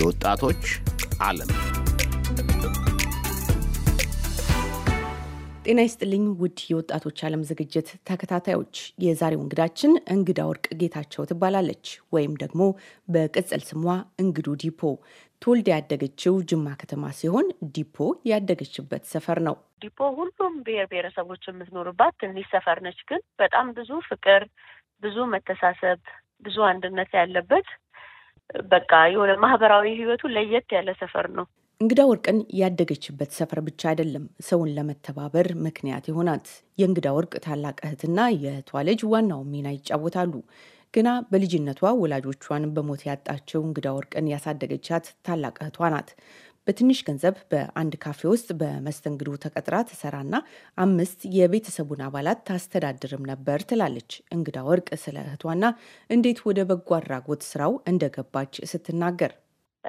የወጣቶች ዓለም ጤና ይስጥልኝ ውድ የወጣቶች ዓለም ዝግጅት ተከታታዮች፣ የዛሬው እንግዳችን እንግዳ ወርቅ ጌታቸው ትባላለች ወይም ደግሞ በቅጽል ስሟ እንግዱ ዲፖ። ተወልዳ ያደገችው ጅማ ከተማ ሲሆን ዲፖ ያደገችበት ሰፈር ነው። ዲፖ ሁሉም ብሔር ብሔረሰቦች የምትኖርባት ትንሽ ሰፈር ነች፣ ግን በጣም ብዙ ፍቅር፣ ብዙ መተሳሰብ፣ ብዙ አንድነት ያለበት በቃ የሆነ ማህበራዊ ህይወቱ ለየት ያለ ሰፈር ነው። እንግዳ ወርቅን ያደገችበት ሰፈር ብቻ አይደለም ሰውን ለመተባበር ምክንያት የሆናት። የእንግዳ ወርቅ ታላቅ እህትና የእህቷ ልጅ ዋናው ሚና ይጫወታሉ። ግና በልጅነቷ ወላጆቿን በሞት ያጣቸው እንግዳ ወርቅን ያሳደገቻት ታላቅ እህቷ ናት። በትንሽ ገንዘብ በአንድ ካፌ ውስጥ በመስተንግዶ ተቀጥራ ትሰራና አምስት የቤተሰቡን አባላት ታስተዳድርም ነበር ትላለች እንግዳ ወርቅ ስለ እህቷና እንዴት ወደ በጎ አድራጎት ስራው እንደገባች ስትናገር።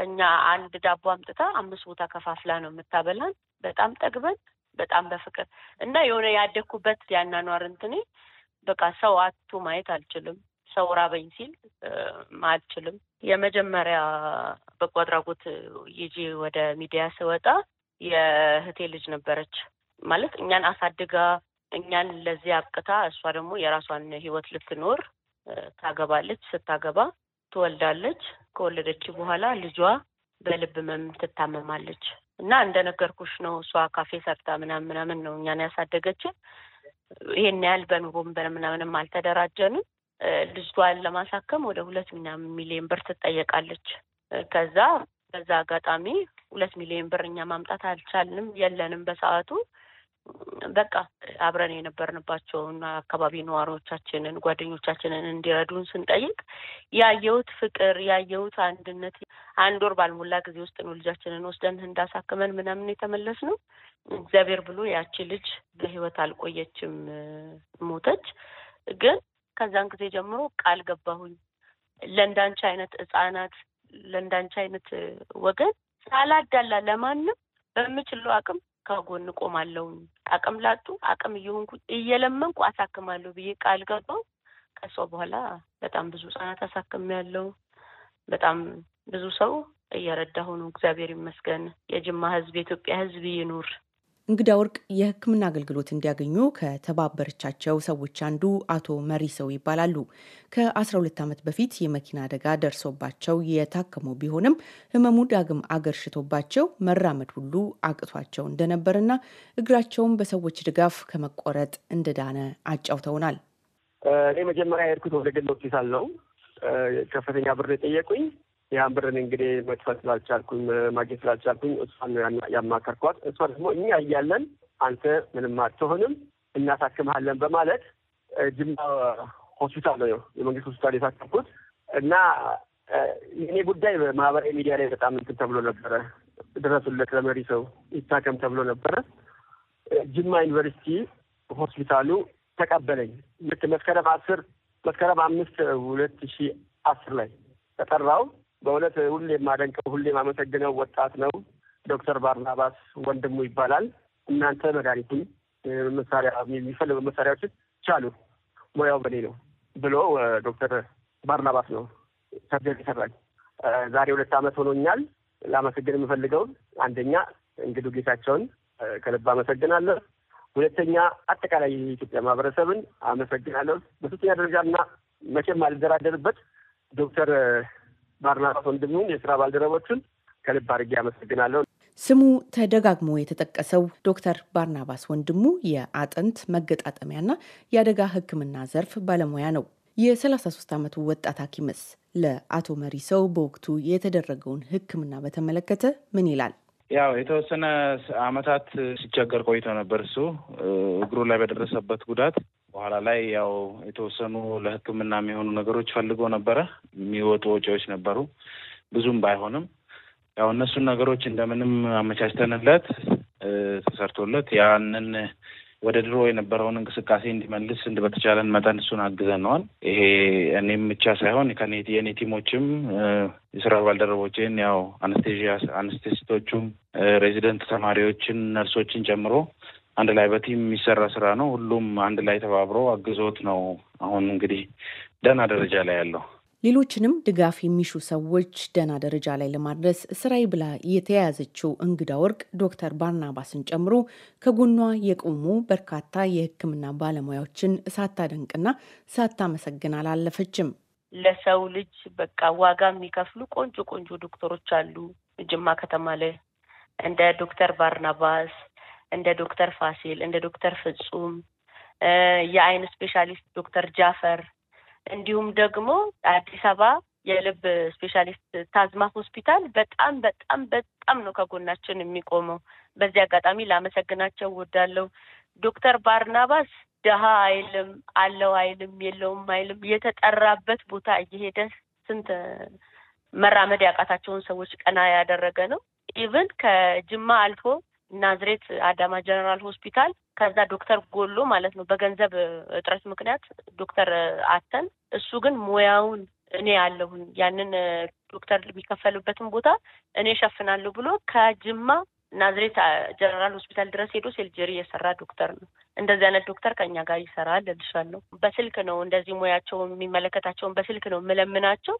እኛ አንድ ዳቦ አምጥታ አምስት ቦታ ከፋፍላ ነው የምታበላን። በጣም ጠግበን በጣም በፍቅር እና የሆነ ያደግኩበት ያናኗር እንትኔ በቃ ሰው አቱ ማየት አልችልም። ሰው ራበኝ ሲል አልችልም። የመጀመሪያ በጎ አድራጎት ይዤ ወደ ሚዲያ ስወጣ የእህቴ ልጅ ነበረች ማለት እኛን አሳድጋ እኛን ለዚህ አብቅታ እሷ ደግሞ የራሷን ህይወት ልትኖር ታገባለች። ስታገባ ትወልዳለች። ከወለደች በኋላ ልጇ በልብ ህመም ትታመማለች እና እንደነገርኩሽ ነው እሷ ካፌ ሰርታ ምናምን ምናምን ነው እኛን ያሳደገችን። ይሄን ያህል በኑሮም በምናምንም አልተደራጀንም። ልጅቷን ለማሳከም ወደ ሁለት ምናምን ሚሊዮን ብር ትጠየቃለች። ከዛ በዛ አጋጣሚ ሁለት ሚሊዮን ብር እኛ ማምጣት አልቻልንም፣ የለንም በሰዓቱ በቃ አብረን የነበርንባቸውን አካባቢ ነዋሪዎቻችንን ጓደኞቻችንን እንዲረዱን ስንጠይቅ ያየሁት ፍቅር ያየሁት አንድነት አንድ ወር ባልሞላ ጊዜ ውስጥ ነው ልጃችንን ወስደን እንዳሳክመን ምናምን የተመለስ ነው። እግዚአብሔር ብሎ ያቺ ልጅ በህይወት አልቆየችም፣ ሞተች። ግን ከዛን ጊዜ ጀምሮ ቃል ገባሁኝ ለእንዳንቺ አይነት ህጻናት ለእንዳንቺ አይነት ወገን ሳላዳላ ለማንም በምችለው አቅም ከጎን ቆማለሁኝ። አቅም ላጡ አቅም እየሆንኩ እየለመንኩ አሳክማለሁ ብዬ ቃል ገባው ከሷ በኋላ በጣም ብዙ ህጻናት አሳክም ያለው በጣም ብዙ ሰው እየረዳሁ ነው። እግዚአብሔር ይመስገን። የጅማ ህዝብ የኢትዮጵያ ህዝብ ይኑር። እንግዳ ወርቅ የሕክምና አገልግሎት እንዲያገኙ ከተባበረቻቸው ሰዎች አንዱ አቶ መሪ ሰው ይባላሉ። ከ12 ዓመት በፊት የመኪና አደጋ ደርሶባቸው የታከሙ ቢሆንም ህመሙ ዳግም አገርሽቶባቸው መራመድ ሁሉ አቅቷቸው እንደነበርና እግራቸውን በሰዎች ድጋፍ ከመቆረጥ እንደዳነ አጫውተውናል። እኔ መጀመሪያ የሄድኩት ወደ ግል ሆስፒታል ነው። ከፍተኛ ብር የጠየቁኝ ያን ብርን እንግዲህ መክፈል ስላልቻልኩኝ ማግኘት ስላልቻልኩኝ እሷን ያማከርኳት። እሷ ደግሞ እኛ እያለን አንተ ምንም አትሆንም እናሳክምሃለን በማለት ጅማ ሆስፒታል ነው የመንግስት ሆስፒታል የታከምኩት እና የእኔ ጉዳይ በማህበራዊ ሚዲያ ላይ በጣም እንትን ተብሎ ነበረ። ድረሱለት ለመሪ ሰው ይታከም ተብሎ ነበረ። ጅማ ዩኒቨርሲቲ ሆስፒታሉ ተቀበለኝ። ልክ መስከረም አስር መስከረም አምስት ሁለት ሺህ አስር ላይ ተጠራው በእውነት ሁሌ የማደንቀው ሁሌ የማመሰግነው ወጣት ነው። ዶክተር ባርናባስ ወንድሙ ይባላል። እናንተ መድኃኒቱን መሳሪያ የሚፈልገው መሳሪያዎችን ቻሉ ሙያው በኔ ነው ብሎ ዶክተር ባርናባስ ነው ሰርጀሪ ይሰራል። ዛሬ ሁለት ዓመት ሆኖኛል። ላመሰግን የምፈልገው አንደኛ እንግዱ ጌታቸውን ከልብ አመሰግናለሁ። ሁለተኛ አጠቃላይ የኢትዮጵያ ማህበረሰብን አመሰግናለሁ። በሶስተኛ ደረጃ እና መቼም አልደራደርበት ዶክተር ባርናባስ ወንድሙን የስራ ባልደረቦችን ከልብ አድርጌ አመሰግናለሁ። ስሙ ተደጋግሞ የተጠቀሰው ዶክተር ባርናባስ ወንድሙ የአጥንት መገጣጠሚያና የአደጋ ሕክምና ዘርፍ ባለሙያ ነው። የ33 ዓመቱ ወጣት ሐኪምስ ለአቶ መሪ ሰው በወቅቱ የተደረገውን ሕክምና በተመለከተ ምን ይላል? ያው የተወሰነ አመታት ሲቸገር ቆይቶ ነበር። እሱ እግሩ ላይ በደረሰበት ጉዳት በኋላ ላይ ያው የተወሰኑ ለሕክምና የሚሆኑ ነገሮች ፈልጎ ነበረ። የሚወጡ ወጪዎች ነበሩ፣ ብዙም ባይሆንም ያው እነሱን ነገሮች እንደምንም አመቻችተንለት ተሰርቶለት ያንን ወደ ድሮ የነበረውን እንቅስቃሴ እንዲመልስ እንድ በተቻለን መጠን እሱን አግዘነዋል። ይሄ እኔም ብቻ ሳይሆን የኔ ቲሞችም የስራ ባልደረቦችን ያው አነስቴዥያ አነስቴስቶቹም፣ ሬዚደንት ተማሪዎችን፣ ነርሶችን ጨምሮ አንድ ላይ በቲም የሚሰራ ስራ ነው። ሁሉም አንድ ላይ ተባብሮ አግዞት ነው አሁን እንግዲህ ደህና ደረጃ ላይ ያለው። ሌሎችንም ድጋፍ የሚሹ ሰዎች ደህና ደረጃ ላይ ለማድረስ ስራይ ብላ የተያያዘችው እንግዳ ወርቅ ዶክተር ባርናባስን ጨምሮ ከጎኗ የቆሙ በርካታ የሕክምና ባለሙያዎችን ሳታደንቅና ሳታመሰግን አላለፈችም። ለሰው ልጅ በቃ ዋጋ የሚከፍሉ ቆንጆ ቆንጆ ዶክተሮች አሉ ጅማ ከተማ ላይ እንደ ዶክተር ባርናባስ እንደ ዶክተር ፋሲል፣ እንደ ዶክተር ፍጹም፣ የአይን ስፔሻሊስት ዶክተር ጃፈር እንዲሁም ደግሞ አዲስ አበባ የልብ ስፔሻሊስት ታዝማ ሆስፒታል በጣም በጣም በጣም ነው ከጎናችን የሚቆመው። በዚህ አጋጣሚ ላመሰግናቸው ወዳለው ዶክተር ባርናባስ ድሀ አይልም፣ አለው አይልም፣ የለውም አይልም። የተጠራበት ቦታ እየሄደ ስንት መራመድ ያቃታቸውን ሰዎች ቀና ያደረገ ነው። ኢቨን ከጅማ አልፎ ናዝሬት አዳማ ጀነራል ሆስፒታል ከዛ ዶክተር ጎሎ ማለት ነው። በገንዘብ እጥረት ምክንያት ዶክተር አተን እሱ ግን ሙያውን እኔ ያለሁን ያንን ዶክተር የሚከፈልበትን ቦታ እኔ ሸፍናለሁ ብሎ ከጅማ ናዝሬት ጀነራል ሆስፒታል ድረስ ሄዶ ሴልጀሪ የሰራ ዶክተር ነው። እንደዚህ አይነት ዶክተር ከኛ ጋር ይሰራል እልሻለሁ። በስልክ ነው እንደዚህ ሙያቸው የሚመለከታቸውን በስልክ ነው ምለምናቸው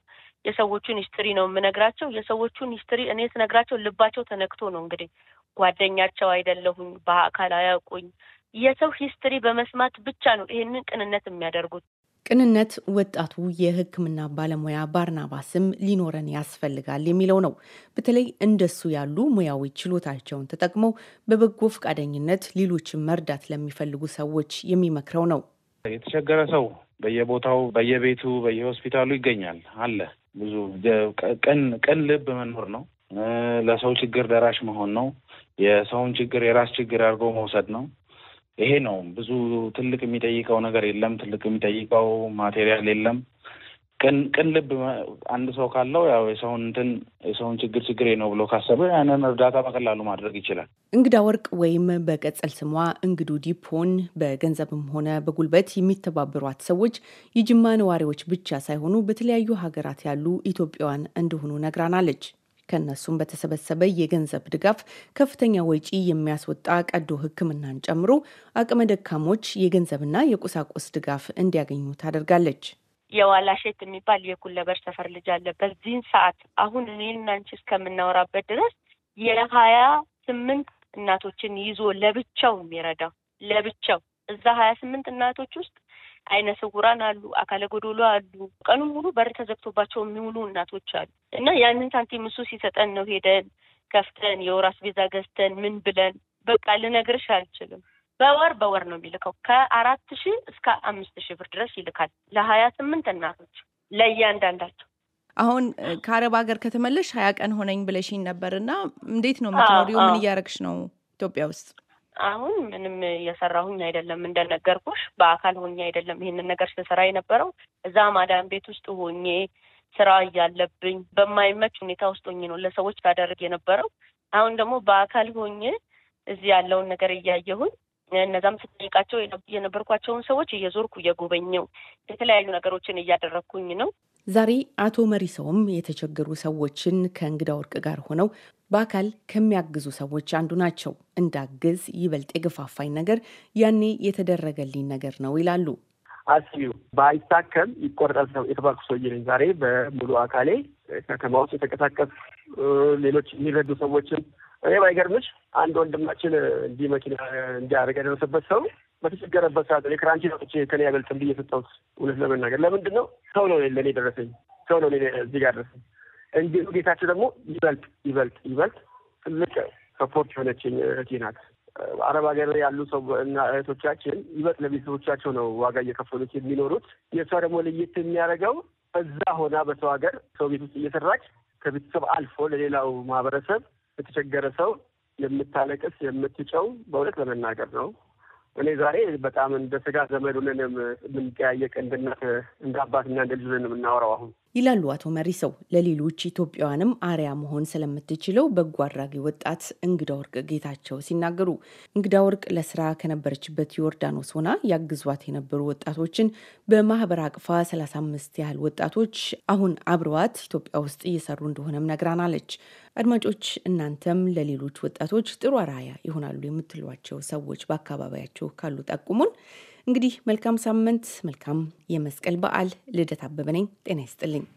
የሰዎቹን ሂስትሪ ነው የምነግራቸው። የሰዎቹን ሂስትሪ እኔ ስነግራቸው ልባቸው ተነክቶ ነው እንግዲህ ጓደኛቸው አይደለሁም፣ በአካል አያውቁኝ። የሰው ሂስትሪ በመስማት ብቻ ነው ይህንን ቅንነት የሚያደርጉት። ቅንነት ወጣቱ የሕክምና ባለሙያ ባርናባስም ሊኖረን ያስፈልጋል የሚለው ነው። በተለይ እንደሱ ያሉ ሙያዊ ችሎታቸውን ተጠቅመው በበጎ ፈቃደኝነት ሌሎችን መርዳት ለሚፈልጉ ሰዎች የሚመክረው ነው። የተቸገረ ሰው በየቦታው በየቤቱ፣ በየሆስፒታሉ ይገኛል አለ። ብዙ ቅን ቅን ልብ መኖር ነው። ለሰው ችግር ደራሽ መሆን ነው። የሰውን ችግር የራስ ችግር አድርጎ መውሰድ ነው። ይሄ ነው ብዙ ትልቅ የሚጠይቀው ነገር የለም። ትልቅ የሚጠይቀው ማቴሪያል የለም። ቅን ቅን ልብ አንድ ሰው ካለው ያው የሰውን እንትን የሰውን ችግር ችግሬ ነው ብሎ ካሰበ ያንን እርዳታ በቀላሉ ማድረግ ይችላል። እንግዳ ወርቅ ወይም በቅጽል ስሟ እንግዱ ዲፖን በገንዘብም ሆነ በጉልበት የሚተባበሯት ሰዎች የጅማ ነዋሪዎች ብቻ ሳይሆኑ በተለያዩ ሀገራት ያሉ ኢትዮጵያውያን እንደሆኑ ነግራናለች። ከእነሱም በተሰበሰበ የገንዘብ ድጋፍ ከፍተኛ ወጪ የሚያስወጣ ቀዶ ሕክምናን ጨምሮ አቅመ ደካሞች የገንዘብና የቁሳቁስ ድጋፍ እንዲያገኙ ታደርጋለች። የዋላሸት የሚባል የኩለበር ሰፈር ልጅ አለ። በዚህን ሰዓት አሁን እኔና አንቺ እስከምናወራበት ድረስ የሀያ ስምንት እናቶችን ይዞ ለብቻው የሚረዳው ለብቻው እዛ ሀያ ስምንት እናቶች ውስጥ አይነ ስውራን አሉ፣ አካለ ጎዶሎ አሉ፣ ቀኑን ሙሉ በር ተዘግቶባቸው የሚውሉ እናቶች አሉ እና ያንን ሳንቲም እሱ ሲሰጠን ነው ሄደን ከፍተን የወር አስቤዛ ገዝተን ምን ብለን በቃ ልነግርሽ አልችልም። በወር በወር ነው የሚልከው። ከአራት ሺህ እስከ አምስት ሺህ ብር ድረስ ይልካል ለሀያ ስምንት እናቶች ለእያንዳንዳቸው። አሁን ከአረብ ሀገር ከተመለሽ ሀያ ቀን ሆነኝ ብለሽኝ ነበር እና እንዴት ነው የምትኖሪው? ምን እያደረግሽ ነው ኢትዮጵያ ውስጥ? አሁን ምንም እየሰራሁኝ አይደለም። እንደነገርኩሽ በአካል ሆኜ አይደለም ይሄንን ነገር ስሰራ የነበረው እዛ ማዳን ቤት ውስጥ ሆኜ ስራ እያለብኝ በማይመች ሁኔታ ውስጥ ሆኜ ነው ለሰዎች ታደርግ የነበረው። አሁን ደግሞ በአካል ሆኜ እዚህ ያለውን ነገር እያየሁኝ እነዛም ስጠይቃቸው የነበርኳቸውን ሰዎች እየዞርኩ እየጎበኘው የተለያዩ ነገሮችን እያደረግኩኝ ነው። ዛሬ አቶ መሪ ሰውም የተቸገሩ ሰዎችን ከእንግዳ ወርቅ ጋር ሆነው በአካል ከሚያግዙ ሰዎች አንዱ ናቸው። እንዳግዝ ይበልጥ የገፋፋኝ ነገር ያኔ የተደረገልኝ ነገር ነው ይላሉ። አስቢው ባይታከም ይቆረጣል ሰው የተባልኩ ሰውዬ ነኝ። ዛሬ በሙሉ አካሌ ከተማ ውስጥ የተንቀሳቀስ ሌሎች የሚረዱ ሰዎችን እኔ ባይገርምሽ አንድ ወንድማችን እንዲህ መኪና እንዲያደርግ ያደረሰበት ሰው በተቸገረበት ሰዓት እኔ ክራንቺ ሰጥቼ ከኔ ያበልጥም ብዬ ሰጠሁት። እውነት ለመናገር ለምንድን ነው ሰው ነው ለእኔ ደረሰኝ፣ ሰው ነው እዚህ ጋር ደረሰኝ። እንዲሁ ጌታችን ደግሞ ይበልጥ ይበልጥ ይበልጥ ትልቅ ሰፖርት የሆነችኝ እህቴ ናት። አረብ ሀገር ያሉ ሰው እና እህቶቻችን ይበልጥ ለቤተሰቦቻቸው ነው ዋጋ እየከፈሉት የሚኖሩት። የእሷ ደግሞ ለየት የሚያደርገው እዛ ሆና በሰው ሀገር ሰው ቤት ውስጥ እየሰራች ከቤተሰብ አልፎ ለሌላው ማህበረሰብ የተቸገረ ሰው የምታለቅስ የምትጨው በእውነት ለመናገር ነው። እኔ ዛሬ በጣም እንደ ስጋ ዘመድ ሆነን የምንጠያየቅ እንደ እናት እንደ አባትና እንደ ልጅ ሆነን የምናወራው አሁን ይላሉ አቶ መሪሰው። ለሌሎች ኢትዮጵያውያንም አርያ መሆን ስለምትችለው በጎ አድራጊ ወጣት እንግዳ ወርቅ ጌታቸው ሲናገሩ እንግዳ ወርቅ ለስራ ከነበረችበት ዮርዳኖስ ሆና ያግዟት የነበሩ ወጣቶችን በማህበር አቅፋ 35 ያህል ወጣቶች አሁን አብረዋት ኢትዮጵያ ውስጥ እየሰሩ እንደሆነም ነግራናለች። አድማጮች እናንተም ለሌሎች ወጣቶች ጥሩ አርአያ ይሆናሉ የምትሏቸው ሰዎች በአካባቢያቸው ካሉ ጠቁሙን። እንግዲህ መልካም ሳምንት፣ መልካም የመስቀል በዓል። ልደት አበበ ነኝ። ጤና ይስጥልኝ።